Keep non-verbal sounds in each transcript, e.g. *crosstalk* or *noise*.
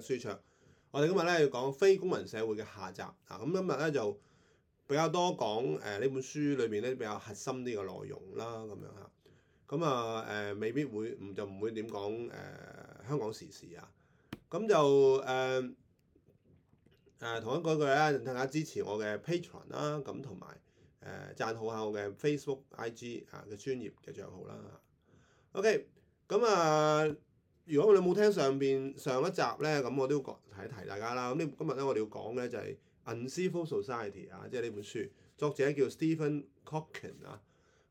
書桌，我哋、 *noise* 嗯、今日咧要講非公民社會嘅下集啊！咁今日咧就比較多講誒呢本書裏邊咧比較核心啲嘅內容啦，咁樣吓。咁啊誒、啊，未必會唔就唔會點講誒香港時事啊。咁就誒誒，同一,一句句咧，大家支持我嘅 Patreon 啦，咁同埋誒讚好下我嘅 Facebook、IG 啊嘅專業嘅帳號啦。OK，咁啊。Okay, 啊如果你冇聽上邊上一集咧，咁我都講提一提大家啦。咁呢今日咧我哋要講咧就係《Uncivil Society》啊，即係呢本書作者叫 Stephen Kotkin 啊。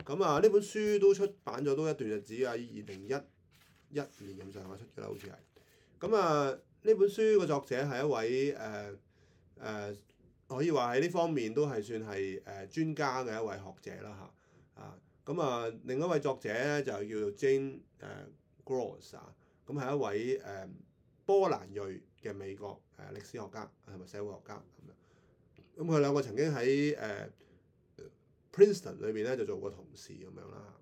咁啊，呢本書都出版咗都一段日子 2011, 啊，二零一一年咁上下出嘅啦，好似係。咁啊，呢本書嘅作者係一位誒誒，可以話喺呢方面都係算係誒、啊、專家嘅一位學者啦吓，啊，咁啊，另一位作者咧就叫做 Jane 誒、啊、Gross 啊。咁係一位誒、呃、波蘭裔嘅美國誒、呃、歷史學家同埋、啊、社會學家咁樣，咁佢兩個曾經喺誒、呃、Princeton 裏邊咧就做過同事咁樣啦。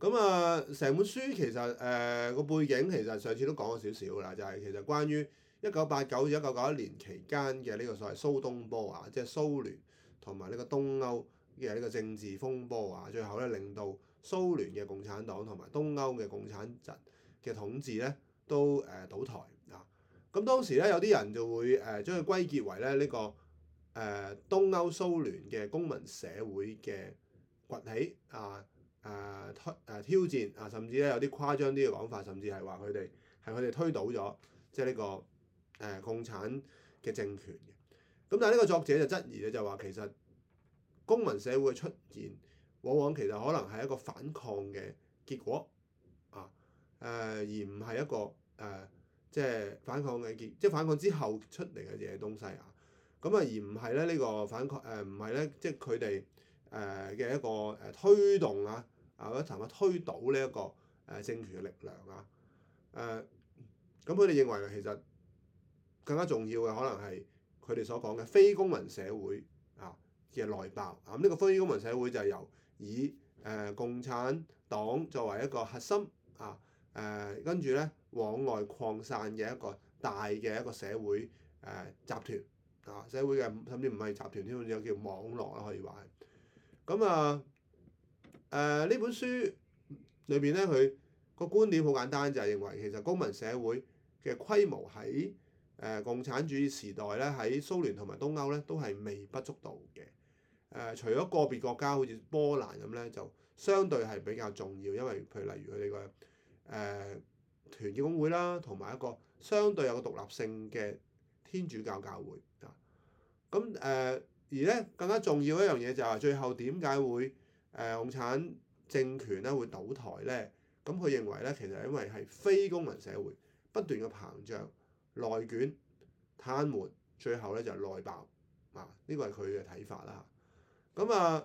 咁啊，成、呃、本書其實誒個、呃、背景其實上次都講咗少少啦，就係、是、其實關於一九八九至一九九一年期間嘅呢個所謂蘇東波啊，即係蘇聯同埋呢個東歐。嘅呢個政治風波啊，最後咧令到蘇聯嘅共產黨同埋東歐嘅共產陣嘅統治咧都誒、呃、倒台啊！咁當時咧有啲人就會誒、呃、將佢歸結為咧呢、這個誒、呃、東歐蘇聯嘅公民社會嘅崛起啊誒誒、啊啊、挑戰啊，甚至咧有啲誇張啲嘅講法，甚至係話佢哋係佢哋推倒咗即係呢個誒、呃、共產嘅政權嘅。咁、啊、但係呢個作者就質疑咧，就話其實。公民社會嘅出現，往往其實可能係一個反抗嘅結果啊，誒、呃、而唔係一個誒、呃、即係反抗嘅結，即係反抗之後出嚟嘅嘢東西啊。咁啊而唔係咧呢、這個反抗誒，唔係咧即係佢哋誒嘅一個誒推動啊啊，或者推倒呢一個誒政權嘅力量啊。誒，咁佢哋認為其實更加重要嘅可能係佢哋所講嘅非公民社會。嘅內爆啊！咁、這、呢個關於公民社會就係由以誒共產黨作為一個核心啊誒，跟住咧往外擴散嘅一個大嘅一個社會誒集團啊，社會嘅甚至唔係集團添，有叫網絡啦可以話係。咁啊誒呢、啊啊、本書裏邊咧，佢個觀點好簡單，就係、是、認為其實公民社會嘅規模喺誒、啊、共產主義時代咧，喺蘇聯同埋東歐咧都係微不足道嘅。誒、呃、除咗個別國家好似波蘭咁咧，就相對係比較重要，因為譬如例如佢哋個誒團結工會啦，同埋一個相對有個獨立性嘅天主教教會啊。咁、呃、誒而咧更加重要一樣嘢就係最後點解會誒、呃、共產政權咧會倒台咧？咁佢認為咧其實因為係非公民社會不斷嘅膨脹、內捲、癱瘓，最後咧就係、是、內爆啊！呢個係佢嘅睇法啦。咁啊，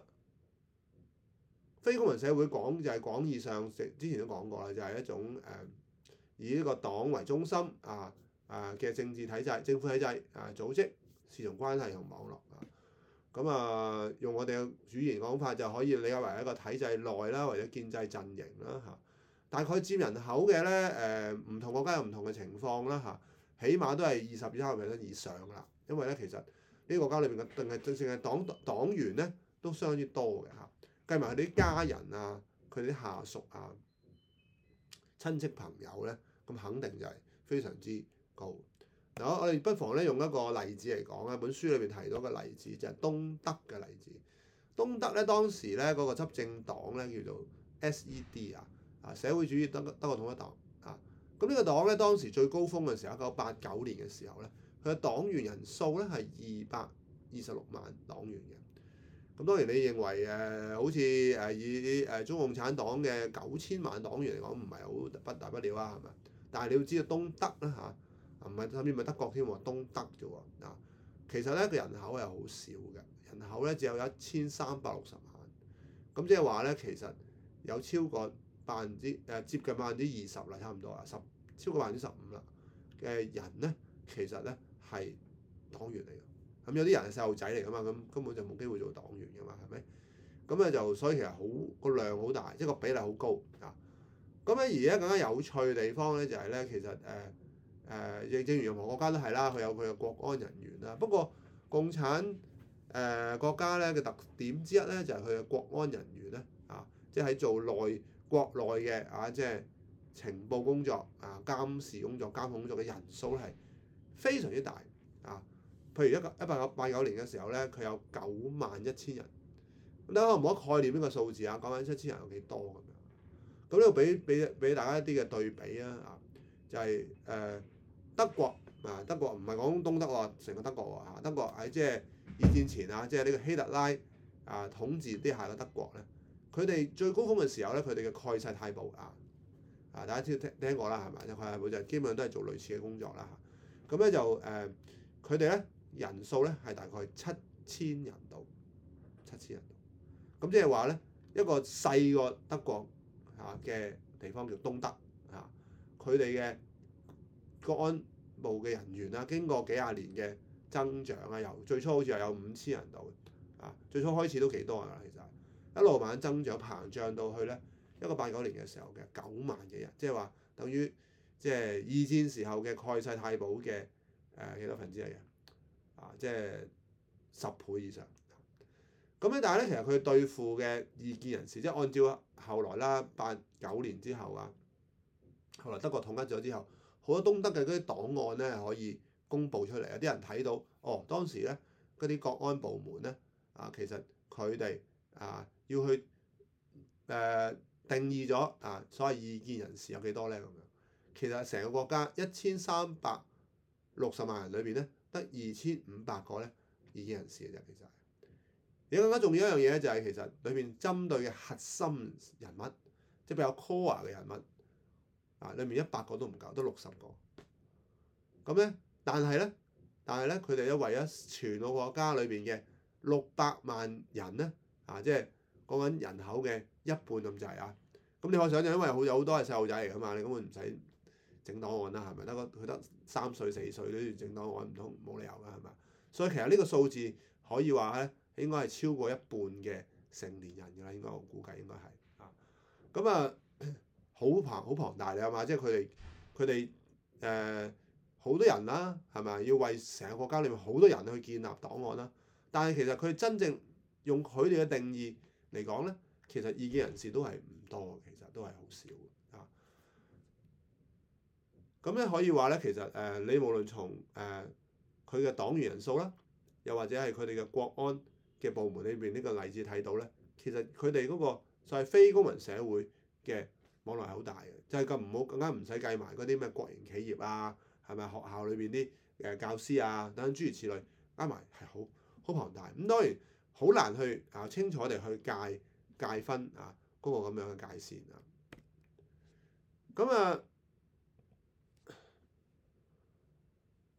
非公民社會講就係、是、廣義上，食之前都講過啦，就係、是、一種誒，以呢個黨為中心啊啊嘅政治體制、政府體制啊、組織、市場關係同網絡咁啊，用我哋嘅語言講法就可以理解為一個體制內啦，或者建制陣營啦嚇。大概佔人口嘅咧誒，唔同國家有唔同嘅情況啦嚇。起碼都係二十三 percent 以上啦，因為咧其實。呢個國家裏邊嘅，定係正正係黨黨員咧，都相當之多嘅嚇。計埋佢啲家人啊，佢啲下屬啊，親戚朋友咧，咁肯定就係非常之高。嗱，我哋不妨咧用一個例子嚟講啊，本書裏邊提到嘅例子就係東德嘅例子。東德咧當時咧嗰個執政黨咧叫做 SED 啊，啊社會主義德德國統一黨啊。咁呢個黨咧當時最高峰嘅時候，一九八九年嘅時候咧。嘅黨員人數咧係二百二十六萬黨員嘅，咁當然你認為誒好似誒以誒中共產黨嘅九千萬黨員嚟講唔係好不大不了啊，係咪？但係你要知道東德咧吓，唔、啊、係甚至唔係德國添喎，東德啫喎，其實咧佢人口係好少嘅，人口咧只有一千三百六十萬，咁即係話咧其實有超過百分之誒、啊、接近百分之二十啦，差唔多啊，十超過百分之十五啦嘅人咧，其實咧。係黨員嚟㗎，咁有啲人係細路仔嚟㗎嘛，咁根本就冇機會做黨員㗎嘛，係咪？咁咧就所以其實好個量好大，即係個比例好高啊！咁咧而家更加有趣嘅地方咧就係咧，其實誒誒，亦正如任何國家都係啦，佢有佢嘅國安人員啦。不過共產誒、啊、國家咧嘅特點之一咧就係佢嘅國安人員咧啊，即係喺做內國內嘅啊，即係情報工作啊、監視工作、監控工作嘅人數係非常之大啊！譬如一九八九年嘅時候咧，佢有九萬一千人。大家可唔可以概念呢個數字啊，講緊一千人有幾多咁？咁呢度俾俾俾大家一啲嘅對比啊，就係、是、誒德國啊，德國唔係講東德喎，成個德國喎，德國喺即係二戰前啊，即係呢個希特拉啊統治底下嘅德國咧，佢哋最高峰嘅時候咧，佢哋嘅蓋世太保啊啊，大家知聽聽過啦，係咪？蓋世太保就係基本上都係做類似嘅工作啦。咁咧就誒，佢哋咧人數咧係大概七千人度，七千人度。咁即係話咧，一個細個德國嚇嘅地方叫東德嚇，佢哋嘅國安部嘅人員啦，經過幾廿年嘅增長啊，由最初好似係有五千人度，啊，最初開始都幾多噶啦，其實一路慢慢增長膨脹到去咧，一個八九年嘅時候嘅九萬幾人，即係話等於。即係二戰時候嘅蓋世太保嘅誒、呃、幾多分之嚟嘅？啊，即係十倍以上。咁樣，但係咧，其實佢對付嘅異見人士，即係按照後來啦，八九年之後啊，後來德國統一咗之後，好多東德嘅嗰啲檔案咧可以公佈出嚟，有啲人睇到，哦，當時咧嗰啲國安部門咧啊，其實佢哋啊要去誒、啊、定義咗啊所謂異見人士有幾多咧咁樣。其實成個國家一千三百六十萬人裏邊咧，得二千五百個咧，異見人士嘅啫。其實你更加重要一樣嘢咧，就係其實裏邊針對嘅核心人物，即係比較 core 嘅人物啊，裏面一百個都唔夠，得六十個咁咧。但係咧，但係咧，佢哋都為咗全個國家裏邊嘅六百萬人咧啊，即係講緊人口嘅一半咁滯啊。咁你可想象，因為好有好多係細路仔嚟噶嘛，你根本唔使。整檔案啦，係咪得個佢得三歲四歲都要整檔案，唔通冇理由㗎係咪？所以其實呢個數字可以話咧，應該係超過一半嘅成年人㗎啦，應該我估計應該係咁啊，好龐好龐大係咪？即係佢哋，佢哋誒好多人啦，係咪要為成個國家裡面好多人去建立檔案啦？但係其實佢真正用佢哋嘅定義嚟講咧，其實異見人士都係唔多嘅，其實都係好少。咁咧可以話咧，其實誒、呃、你無論從誒佢嘅黨員人數啦，又或者係佢哋嘅國安嘅部門裏邊呢個例子睇到咧，其實佢哋嗰個就係非公民社會嘅網絡係好大嘅，就係、是、更唔好更加唔使計埋嗰啲咩國營企業啊，係咪學校裏邊啲誒教師啊等等諸如此類，加埋係好好龐大。咁當然好難去啊清楚地去界界分啊嗰、那個咁樣嘅界線啊。咁啊～、呃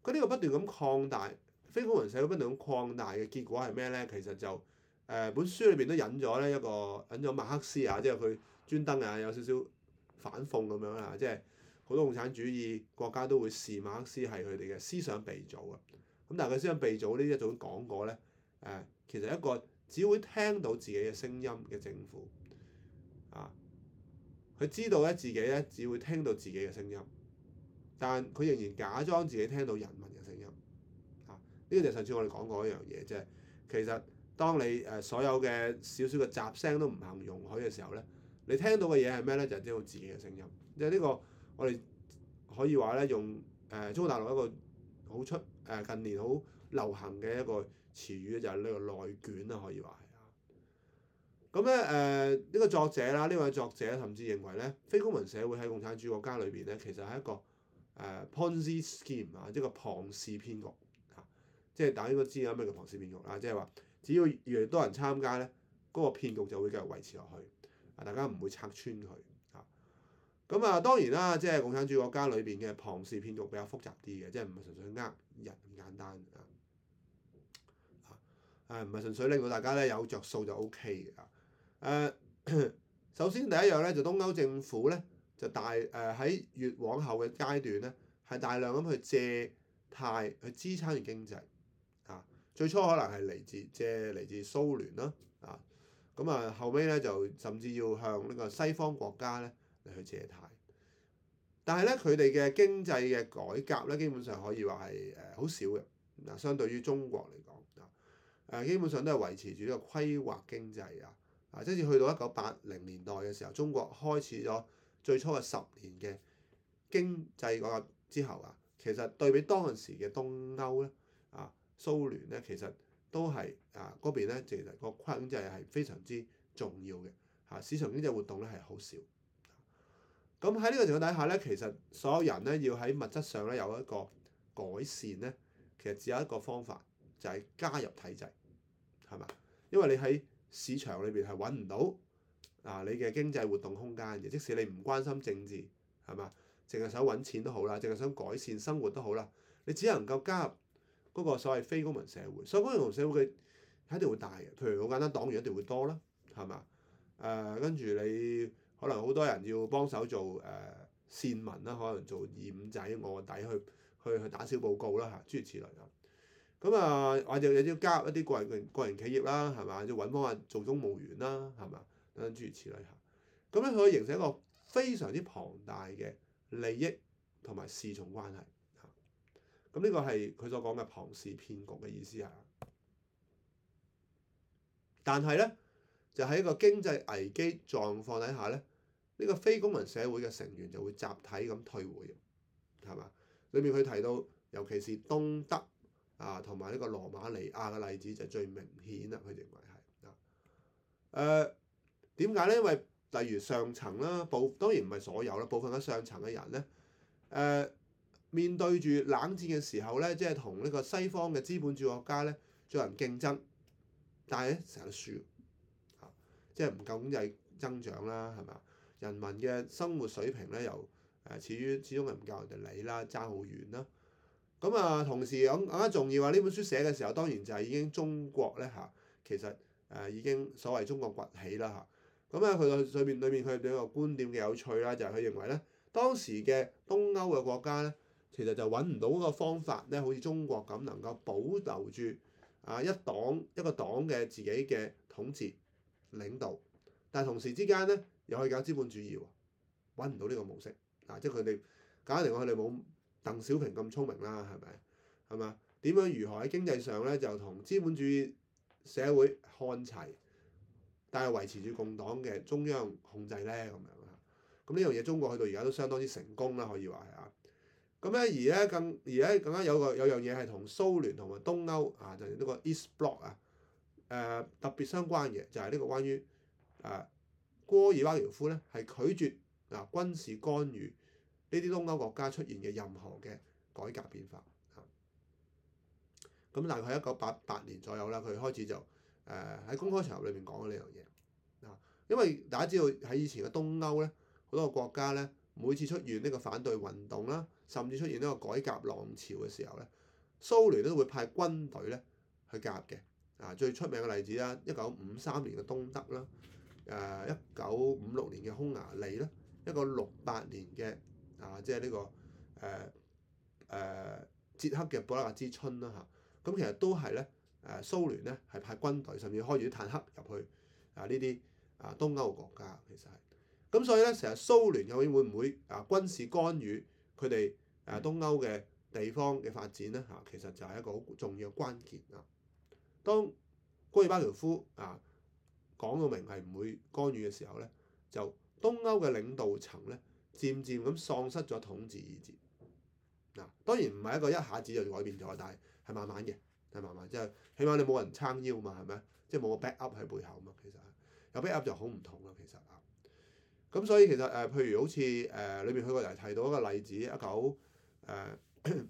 佢呢個不斷咁擴大，非公民社會不斷咁擴大嘅結果係咩咧？其實就誒、呃、本書裏邊都引咗咧一個引咗馬克思啊，即係佢專登啊有少少反諷咁樣啊，即係好多共產主義國家都會視馬克思係佢哋嘅思想鼻祖啊。咁但係佢思想鼻祖呢一種講過咧誒、啊，其實一個只會聽到自己嘅聲音嘅政府啊，佢知道咧自己咧只會聽到自己嘅聲音。但佢仍然假裝自己聽到人民嘅聲音。呢個就上次我哋講過一樣嘢啫。其實當你誒所有嘅少少嘅雜聲都唔肯容許嘅時候呢，你聽到嘅嘢係咩呢？就係聽到自己嘅聲音。即係呢個我哋可以話呢，用誒、呃中國大陸一個好出誒、呃、近年好流行嘅一個詞語，就係、是、呢個內卷啦，可以話係啊。咁咧誒呢個作者啦，呢、這、位、個、作者甚至認為呢，非公民社會喺共產主義國家裏邊呢，其實係一個。誒、uh, Ponzi scheme 啊、uh,，uh, 即係個龐氏騙局，即係大家應該知咩叫龐氏騙局啦，uh, 即係話只要越嚟越多人參加咧，嗰、那個騙局就會繼續維持落去，uh, 大家唔會拆穿佢咁啊，當然啦，uh, 即係共產主義國家裏邊嘅龐氏騙局比較複雜啲嘅，即係唔係純粹呃人咁簡單、uh, 啊，啊唔係純粹令到大家咧有着數就 O K 嘅。誒、uh, *coughs* 首先第一樣咧就是、東歐政府咧。就大誒喺越往後嘅階段咧，係大量咁去借貸去支撐住經濟啊。最初可能係嚟自借嚟自蘇聯啦啊，咁啊後屘咧就甚至要向呢個西方國家咧嚟去借貸，但係咧佢哋嘅經濟嘅改革咧，基本上可以話係誒好少嘅嗱，相對於中國嚟講啊，誒、啊、基本上都係維持住呢個規劃經濟啊啊，即係去到一九八零年代嘅時候，中國開始咗。最初嘅十年嘅經濟改革之後啊，其實對比當陣時嘅東歐咧啊，蘇聯咧，其實都係啊嗰邊咧，其實個經濟係非常之重要嘅嚇、啊，市場經濟活動咧係好少。咁喺呢個情況底下咧，其實所有人咧要喺物質上咧有一個改善咧，其實只有一個方法，就係、是、加入體制，係嘛？因為你喺市場裏邊係揾唔到。啊！你嘅經濟活動空間嘅，即使你唔關心政治，係嘛？淨係想揾錢都好啦，淨係想改善生活都好啦。你只能夠加入嗰個所謂非公民社會。所以公民社會佢係一定會大嘅，譬如好簡單，黨員一定會多啦，係嘛？誒、啊，跟住你可能好多人要幫手做誒、呃、線民啦，可能做二五仔臥底去去去打小報告啦，嚇諸如此類咁。咁啊，我哋你要加入一啲個人個人企業啦，係嘛？要揾幫人做公務員啦，係嘛？等等諸如此類嚇，咁樣佢會形成一個非常之龐大嘅利益同埋侍從關係嚇，咁呢個係佢所講嘅龐氏騙局嘅意思嚇。但係咧，就喺一個經濟危機狀況底下咧，呢個非公民社會嘅成員就會集體咁退會，係嘛？裏面佢提到，尤其是東德啊同埋呢個羅馬尼亞嘅例子就最明顯啦，佢認為係啊，誒、呃。點解咧？因為例如上層啦，部當然唔係所有啦，部分嘅上層嘅人咧，誒、呃、面對住冷戰嘅時候咧，即係同呢個西方嘅資本主義國家咧進行競爭，但係咧成日輸，啊、即係唔夠經濟增長啦，係咪啊？人民嘅生活水平咧又誒，始於始終係唔夠人哋理啦，爭好遠啦。咁啊，同時咁咁啊，仲要話呢本書寫嘅時候，當然就係已經中國咧嚇、啊，其實誒、啊、已經所謂中國崛起啦嚇。啊咁啊，佢裏面裏面佢兩個觀點嘅有趣啦，就係、是、佢認為咧，當時嘅東歐嘅國家咧，其實就揾唔到一個方法咧，好似中國咁能夠保留住啊一黨一個黨嘅自己嘅統治領導，但係同時之間咧，又可以搞資本主義喎，揾唔到呢個模式嗱、啊，即係佢哋簡單嚟講佢哋冇鄧小平咁聰明啦，係咪？係嘛？點樣如何喺經濟上咧就同資本主義社會看齊？但係維持住共黨嘅中央控制咧，咁樣啦。咁呢樣嘢中國去到而家都相當之成功啦，可以話係啊。咁咧而咧更而咧更加有個有樣嘢係同蘇聯同埋東歐啊，就係呢個 East Bloc 啊，誒特別相關嘅就係呢個關於啊戈爾巴喬夫咧係拒絕啊軍事干預呢啲東歐國家出現嘅任何嘅改革變化。咁啊大概一九八八年左右啦，佢開始就。誒喺、呃、公開場合裡面邊講嘅呢樣嘢，因為大家知道喺以前嘅東歐呢，好多個國家呢，每次出現呢個反對運動啦、啊，甚至出現呢個改革浪潮嘅時候呢，蘇聯都會派軍隊呢去夾嘅，啊，最出名嘅例子啦，一九五三年嘅東德啦，誒一九五六年嘅匈牙利啦、啊，一九六八年嘅啊，即係呢個誒誒、啊啊、捷克嘅布拉格之春啦嚇，咁、啊啊、其實都係呢。誒、啊、蘇聯咧係派軍隊，甚至開住啲坦克入去啊！呢啲啊東歐嘅國家其實係咁、啊，所以咧成日蘇聯究竟會唔會啊軍事干預佢哋誒東歐嘅地方嘅發展咧？嚇、啊，其實就係一個好重要嘅關鍵啦、啊。當戈爾巴喬夫啊講到明係唔會干預嘅時候咧，就東歐嘅領導層咧，漸漸咁喪失咗統治意志。嗱、啊，當然唔係一個一下子就改變咗，但係係慢慢嘅。係咪嘛，即係起碼你冇人撐腰嘛，係咪？即係冇個 back up 喺背後嘛，其實有 back up 就好唔同啊，其實啊，咁所以其實誒，譬、呃、如好似誒裏面佢個人提到一個例子，一九誒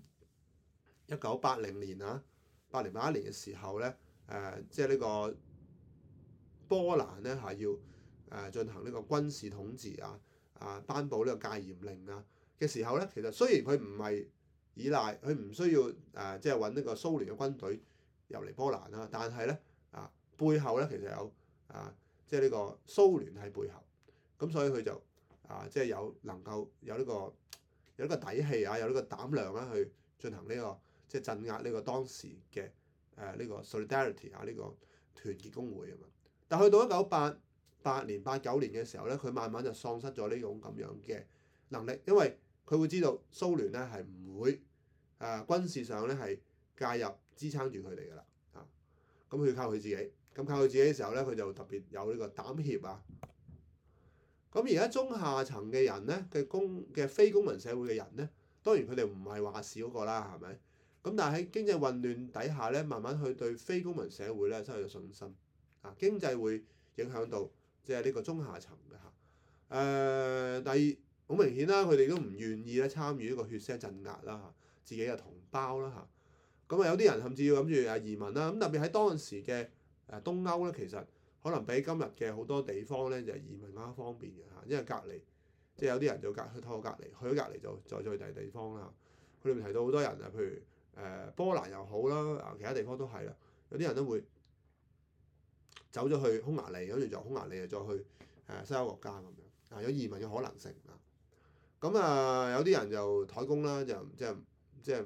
一九八零年啊，八零八一年嘅時候咧，誒、呃、即係呢個波蘭咧係要誒進行呢個軍事統治啊啊，頒布呢個戒嚴令啊嘅時候咧，其實雖然佢唔係依賴佢唔需要誒、啊，即係揾呢個蘇聯嘅軍隊入嚟波蘭啦。但係咧啊，背後咧其實有啊，即係呢個蘇聯喺背後，咁所以佢就啊，即係有能夠有呢個有呢個底氣啊，有呢個膽量啦，去進行呢個即係鎮壓呢個當時嘅誒呢個 Solidarity 啊呢個團結工會啊嘛。但去到一九八八年、八九年嘅時候咧，佢慢慢就喪失咗呢種咁樣嘅能力，因為佢會知道蘇聯咧係唔會。誒、啊、軍事上咧係介入支撐住佢哋噶啦，咁、啊、佢靠佢自己，咁靠佢自己嘅時候咧，佢就特別有呢個膽怯啊。咁、啊、而家中下層嘅人咧嘅公嘅非公民社會嘅人咧，當然佢哋唔係話少個啦，係咪？咁但係喺經濟混亂底下咧，慢慢去對非公民社會咧失去咗信心啊。經濟會影響到即係呢個中下層嘅嚇。誒第二好明顯啦、啊，佢哋都唔願意咧參與呢個血腥鎮壓啦。啊自己嘅同胞啦吓，咁、嗯、啊有啲人甚至要諗住移民啦，咁特別喺當時嘅誒東歐咧，其實可能比今日嘅好多地方咧就移民更加方便嘅吓，因為隔離，即係有啲人就隔去透隔離去咗隔離，去到隔離就再再去第二啲地方啦。佢哋提到好多人啊，譬如誒、呃、波蘭又好啦，其他地方都係啦，有啲人都會走咗去匈牙利，跟住就匈牙利又再去誒、呃、西歐國家咁樣、啊、有移民嘅可能性啊。咁、呃、啊有啲人就怠工啦，就即係。啊即即係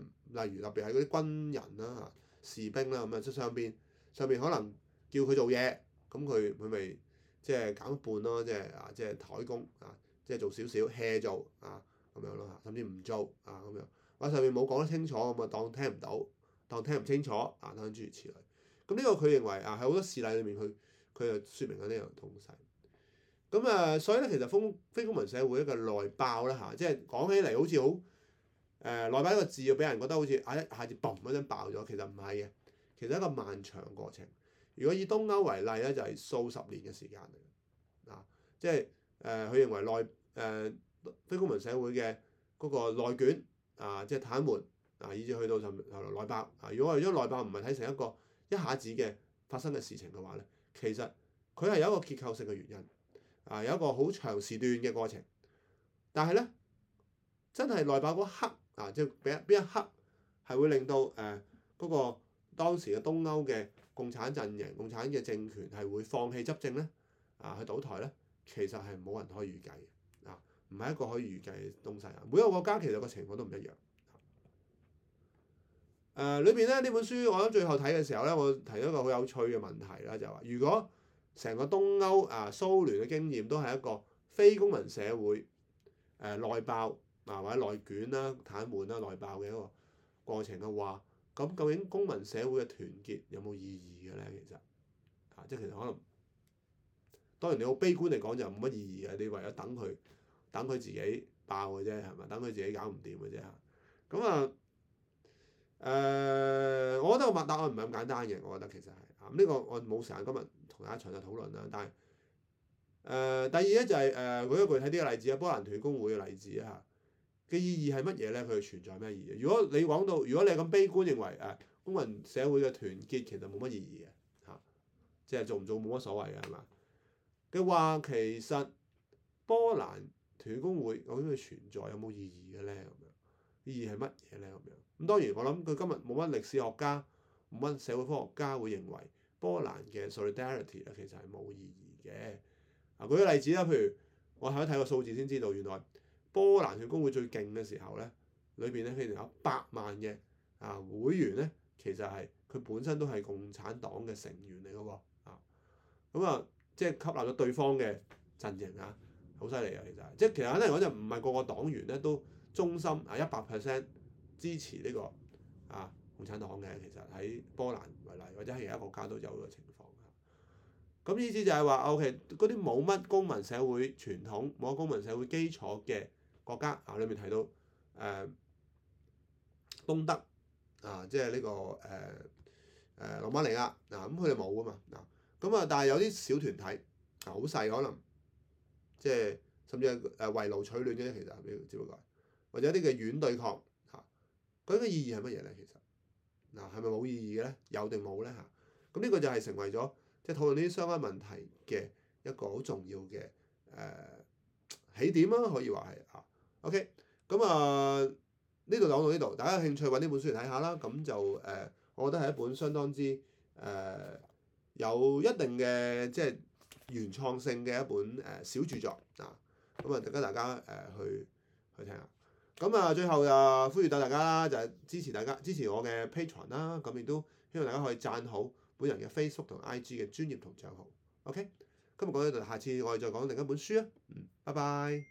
例如特別係嗰啲軍人啦、啊、士兵啦咁啊，出上邊上邊可能叫佢做嘢，咁佢佢咪即係減一半咯，即係啊，即係怠工啊，即係做少少 hea 做啊咁樣咯，甚至唔做啊咁樣，或者上邊冇講得清楚咁啊，、嗯、啊，當聽唔到、啊，當聽唔清楚啊，等等諸如此類。咁呢個佢認為啊，喺好多事例裏面，佢佢就説明咗呢樣東西。咁啊，所以咧其實非非公民社會一個內爆啦嚇，即係講起嚟好似好。誒、呃、內爆一個字，要俾人覺得好似喺一下子嘣嗰陣爆咗，其實唔係嘅，其實一個漫長過程。如果以東歐為例咧，就係、是、數十年嘅時間嚟嘅。啊，即係誒佢認為內誒、呃、非公民社會嘅嗰個內捲啊，即係癱瘓啊，以至去到就內爆。啊，如果我哋將內爆唔係睇成一個一下子嘅發生嘅事情嘅話咧，其實佢係有一個結構性嘅原因啊，有一個好長時段嘅過程。但係咧，真係內爆嗰刻。啊！即係邊一刻係會令到誒嗰、啊嗰個當時嘅東歐嘅共產陣營、共產嘅政權係會放棄執政咧？啊，去倒台咧？其實係冇人可以預計嘅。啊，唔係一個可以預計嘅東西。啊、每個國家其實個情況都唔一樣。誒、啊，裏邊咧呢本書，我喺最後睇嘅時候咧，我提咗一個好有趣嘅問題啦，就話、係、如果成個東歐啊蘇聯嘅經驗都係一個非公民社會誒、啊、內爆。嗱或者內卷啦、癱瘓啦、內爆嘅一個過程嘅話，咁究竟公民社會嘅團結有冇意義嘅咧？其實，即係其實可能，當然你好悲觀嚟講就冇乜意義嘅，你唯有等佢等佢自己爆嘅啫，係咪？等佢自己搞唔掂嘅啫。咁啊，誒、呃，我覺得個答案唔係咁簡單嘅，我覺得其實係啊。呢、這個我冇時間今日同大家一齊去討論啦。但係誒、呃、第二咧就係誒舉一個具體啲嘅例子啊，波蘭團工會嘅例子啊。嘅意義係乜嘢咧？佢存在咩意義？如果你講到，如果你咁悲觀認為，誒，公民社會嘅團結其實冇乜意義嘅，嚇、啊，即、就、係、是、做唔做冇乜所謂嘅，係嘛？佢話其實波蘭團體工會究竟佢存在有冇意義嘅咧？意義係乜嘢咧？咁樣咁當然我諗佢今日冇乜歷史學家、冇乜社會科學家會認為波蘭嘅 solidarity 咧其實係冇意義嘅。嗱、啊，舉個例子啦，譬如我後尾睇個數字先知道，原來，波蘭嘅工會最勁嘅時候呢，裏邊呢，佢仲有百萬嘅啊會員呢，其實係佢本身都係共產黨嘅成員嚟㗎喎，咁啊即係吸納咗對方嘅陣營啊，好犀利啊！其實即係其實聽人講就唔係個個黨員呢都忠心啊，一百 percent 支持呢個啊共產黨嘅，其實喺波蘭為例，或者喺其他國家都有呢個情況。咁意思就係話，OK 嗰啲冇乜公民社會傳統、冇公民社會基礎嘅國家啊，裏面提到誒、呃、東德啊，即係呢、這個誒誒、呃呃、羅馬尼亞嗱，咁佢哋冇啊嘛嗱，咁啊但係有啲小團體好細、啊、可能即係甚至係誒、啊、圍爐取暖嘅，其實呢啲只不過，或者有啲嘅軟對抗嚇，佢、啊、嘅意義係乜嘢咧？其實嗱係咪冇意義咧？有定冇咧嚇？咁、啊、呢個就係成為咗即係討論呢啲相關問題嘅一個好重要嘅誒、啊、起點啦、啊，可以話係。OK，咁啊呢度講到呢度，大家有興趣揾呢本書嚟睇下啦。咁就誒、呃，我覺得係一本相當之誒、呃、有一定嘅即係原創性嘅一本誒、呃、小著作啊。咁啊，值得大家誒去去聽下。咁啊，最後啊，呼籲到大家啦，就支持大家支持我嘅 Patreon 啦、啊。咁亦都希望大家可以讚好本人嘅 Facebook 同 IG 嘅專頁同賬號。OK，今日講到呢度，下次我哋再講另一本書啊。嗯，拜拜。